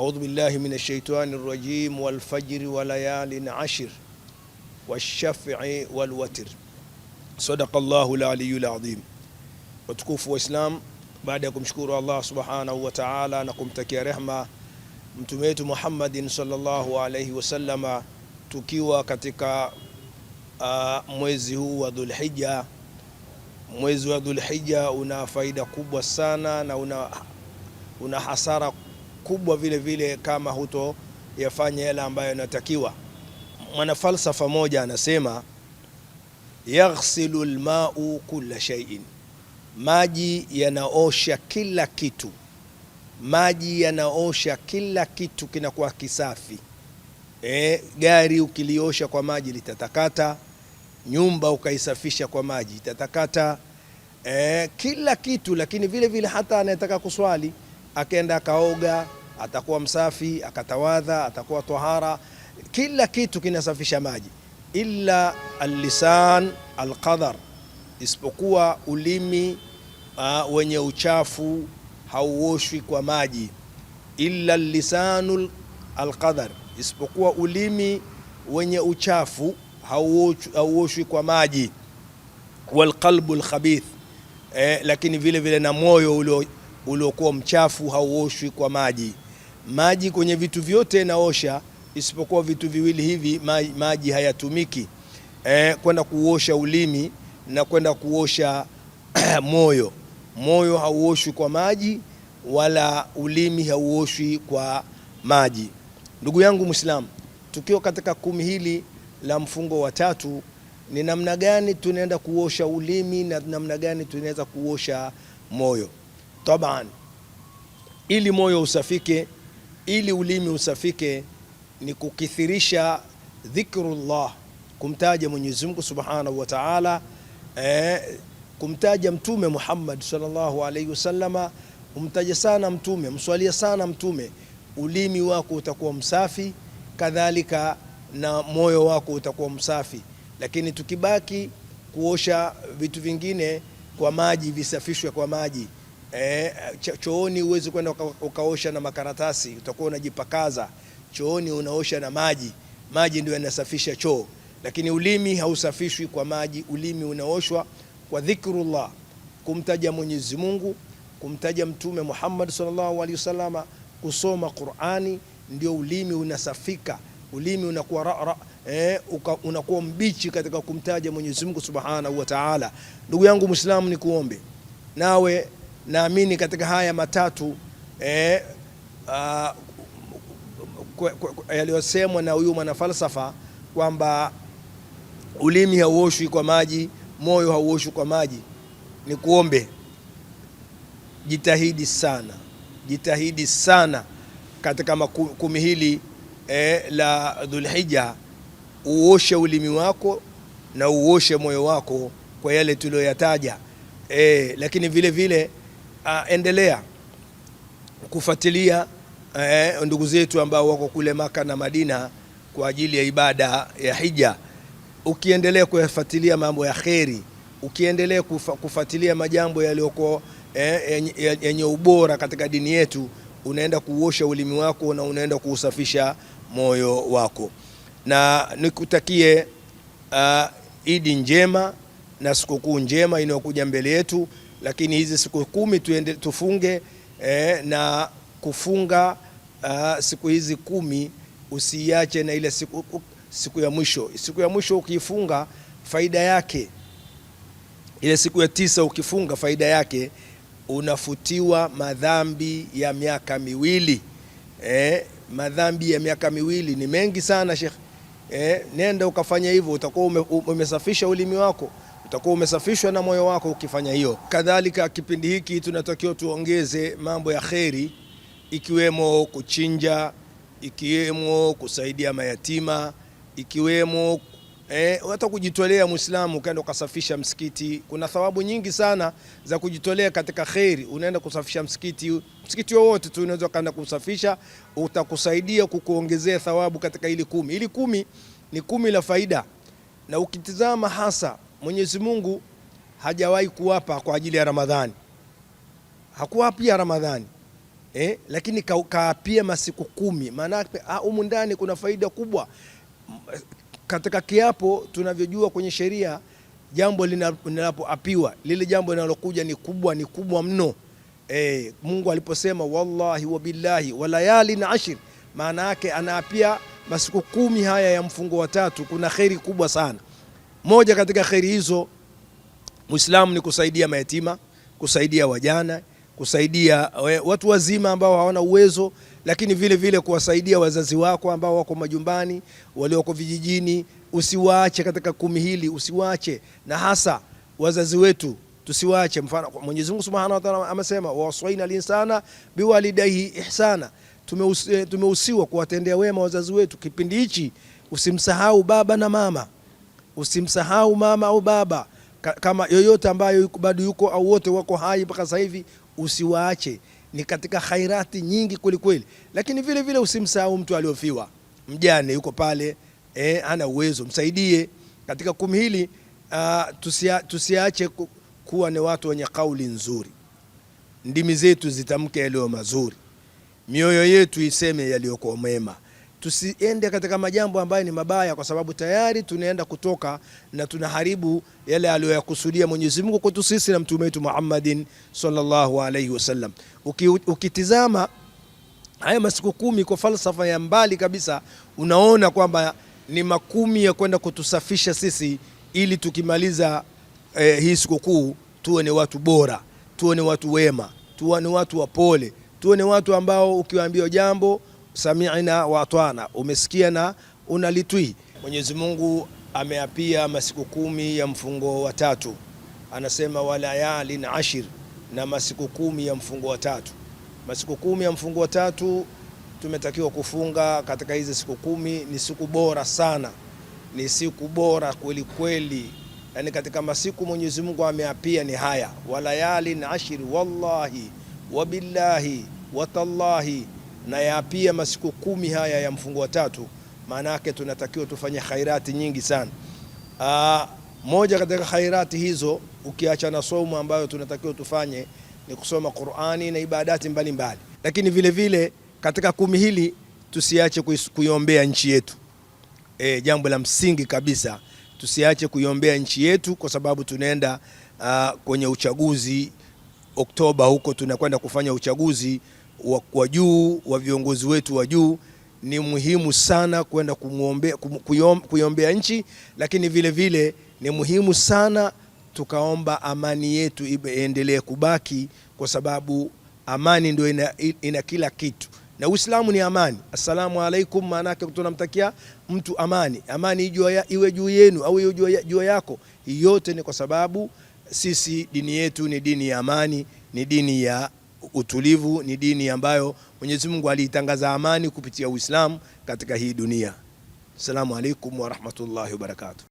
Audhu billahi min shaitani rajim walfajri walayalin ashir washafii walwatir. Sadaqa llahu laliyul adhim. Watukufu wa Islam, baada ya kumshukuru Allah subhanahu wa ta'ala na kumtakia rehma mtume wetu Muhammadin sallallahu alayhi wasallama, tukiwa katika uh, mwezi huu wa Dhulhijja. Mwezi wa Dhulhijja una faida kubwa sana na una, una hasara kubwa vile vile kama yafanya yale ambayo yanatakiwa. Mwanafalsafa moja anasema yaghsilu lmau kulla shaiin, maji yanaosha kila kitu. Maji yanaosha kila kitu, kinakuwa kisafi. E, gari ukiliosha kwa maji litatakata, nyumba ukaisafisha kwa maji itatakata, e, kila kitu. Lakini vile vile hata anayetaka kuswali akaenda akaoga atakuwa msafi, akatawadha, atakuwa tahara, kila kitu kinasafisha maji, illa alisan alqadar, isipokuwa ulimi uh, wenye uchafu hauoshwi kwa maji. Illa lisanu alqadar, isipokuwa ulimi wenye uchafu hauoshwi kwa maji. Walqalbu lkhabith eh, lakini vile vile na moyo uliokuwa mchafu hauoshwi kwa maji maji kwenye vitu vyote naosha isipokuwa vitu viwili hivi maji, maji hayatumiki e, kwenda kuosha ulimi na kwenda kuosha moyo. Moyo hauoshwi kwa maji wala ulimi hauoshwi kwa maji. Ndugu yangu Muislamu, tukiwa katika kumi hili la mfungo wa tatu, ni namna gani tunaenda kuosha ulimi na namna gani tunaweza kuosha moyo? Taban, ili moyo usafike ili ulimi usafike ni kukithirisha dhikrullah, kumtaja Mwenyezi Mungu Subhanahu wa Ta'ala, eh, kumtaja Mtume Muhammad sallallahu alayhi wasallama, umtaje sana Mtume, mswalia sana Mtume, ulimi wako utakuwa msafi, kadhalika na moyo wako utakuwa msafi. Lakini tukibaki kuosha vitu vingine kwa maji, visafishwe kwa maji eh, chooni huwezi kwenda ukaosha na makaratasi, utakuwa unajipakaza. Chooni unaosha na maji, maji ndio yanasafisha choo, lakini ulimi hausafishwi kwa maji. Ulimi unaoshwa kwa dhikrullah, kumtaja Mwenyezi Mungu, kumtaja Mtume Muhammad sallallahu alaihi wasallama, kusoma Qur'ani, ndio ulimi unasafika ulimi unakuwa ra, eh, unakuwa mbichi katika kumtaja Mwenyezi Mungu Subhanahu wa Ta'ala. Ndugu yangu Muislamu, nikuombe nawe naamini katika haya matatu eh, ah, yaliyosemwa na huyu mwanafalsafa kwamba ulimi hauoshwi kwa maji, moyo hauoshwi kwa maji. Ni kuombe jitahidi sana, jitahidi sana katika kumi hili eh, la Dhulhija, uoshe ulimi wako na uoshe moyo wako kwa yale tuliyoyataja, eh, lakini vile vile uh, endelea kufuatilia eh, ndugu zetu ambao wako kule Maka na Madina kwa ajili ya ibada ya hija. Ukiendelea kuyafuatilia mambo ya kheri, ukiendelea kufuatilia majambo yaliyoko eh, yenye ubora katika dini yetu, unaenda kuuosha ulimi wako na unaenda kuusafisha moyo wako, na nikutakie uh, Idi njema na sikukuu njema inayokuja mbele yetu lakini hizi siku kumi tuende, tufunge eh, na kufunga uh, siku hizi kumi usiiache na ile siku, siku ya mwisho. Siku ya mwisho ukifunga faida yake ile siku ya tisa ukifunga faida yake unafutiwa madhambi ya miaka miwili eh, madhambi ya miaka miwili ni mengi sana Sheikh. Eh, nenda ukafanya hivyo utakuwa umesafisha ulimi wako utakuwa umesafishwa na moyo wako ukifanya hiyo. Kadhalika, kipindi hiki tunatakiwa tuongeze mambo ya kheri, ikiwemo kuchinja, ikiwemo kusaidia mayatima, ikiwemo E, hata kujitolea Muislamu ukaenda ukasafisha msikiti, kuna thawabu nyingi sana za kujitolea katika kheri. Unaenda kusafisha msikiti, msikiti wowote tu unaweza ukaenda kusafisha, utakusaidia kukuongezea thawabu katika ili kumi. Ili kumi ni kumi la faida, na ukitizama hasa Mwenyezi Mungu hajawahi kuwapa kwa ajili ya Ramadhani, hakuwapia Ramadhani eh, lakini kaapia masiku kumi. Maana ah, humu ndani kuna faida kubwa katika kiapo. Tunavyojua kwenye sheria, jambo linapoapiwa lile jambo linalokuja ni kubwa, ni kubwa mno. Eh, Mungu aliposema wallahi wa billahi wa na ashir, maana yake anaapia masiku kumi haya ya mfungo wa tatu, kuna kheri kubwa sana. Moja katika kheri hizo Muislamu ni kusaidia mayatima, kusaidia wajana, kusaidia eh, watu wazima ambao hawana uwezo, lakini vile vile kuwasaidia wazazi wako ambao wako majumbani, walioko vijijini. Usiwaache katika kumi hili, usiwaache na hasa wazazi wetu tusiwaache. Mfano, Mwenyezi Mungu Subhanahu wa Ta'ala amesema waswaina linsana biwalidaihi ihsana, tumeusiwa kuwatendea wema wazazi wetu. Kipindi hichi usimsahau baba na mama. Usimsahau mama au baba kama yoyote ambayo bado yuko au wote wako hai mpaka sasa hivi, usiwaache. Ni katika khairati nyingi kwelikweli, lakini vile vile usimsahau mtu aliyofiwa, mjane yuko pale eh, hana uwezo, msaidie katika kumi hili. Uh, tusia, tusiache ku, kuwa ni watu wenye kauli nzuri, ndimi zetu zitamke yaliyo mazuri, mioyo yetu iseme yaliyokuwa mema tusiende katika majambo ambayo ni mabaya, kwa sababu tayari tunaenda kutoka na tunaharibu yale aliyoyakusudia Mwenyezi Mungu kwetu sisi na mtume wetu Muhammadin sallallahu alaihi wasallam. Uki, ukitizama haya masiku kumi kwa falsafa ya mbali kabisa, unaona kwamba ni makumi ya kwenda kutusafisha sisi ili tukimaliza eh, hii sikukuu tuwe ni watu bora, tuwe ni watu wema, tuwe ni watu wapole, tuwe ni watu ambao ukiwaambia jambo sami'na wa atwana, umesikia na unalitwi Mwenyezi Mungu ameapia masiku kumi ya mfungo wa tatu, anasema walayalin ashir, na masiku kumi ya mfungo wa tatu. Masiku kumi ya mfungo wa tatu tumetakiwa kufunga katika hizi siku kumi. Ni siku bora sana, ni siku bora kweli kweli. Yani katika masiku Mwenyezi Mungu ameapia ni haya, walayalin ashir, wallahi wabillahi watallahi na ya pia masiku kumi haya ya mfungo wa tatu, maana yake tunatakiwa tufanye khairati nyingi sana. Aa, ah, moja katika khairati hizo ukiacha na somo ambayo tunatakiwa tufanye ni kusoma Qur'ani na ibadati mbalimbali mbali. Lakini vile vile katika kumi hili tusiache kuiombea nchi yetu. E, jambo la msingi kabisa tusiache kuiombea nchi yetu kwa sababu tunaenda uh, kwenye uchaguzi Oktoba, huko tunakwenda kufanya uchaguzi wa juu wa viongozi wetu wa juu ni muhimu sana kwenda kumuombea, kuiombea nchi, lakini vile vile ni muhimu sana tukaomba amani yetu iendelee kubaki, kwa sababu amani ndio ina, ina kila kitu, na Uislamu ni amani. Assalamu alaikum, yake tunamtakia mtu amani, amani iwe juu yenu au iwe juu yako. Yote ni kwa sababu sisi dini yetu ni dini ya amani, ni dini ya utulivu ni dini ambayo Mwenyezi Mungu aliitangaza amani kupitia Uislamu katika hii dunia. Assalamu alaikum wa rahmatullahi wa barakatuh.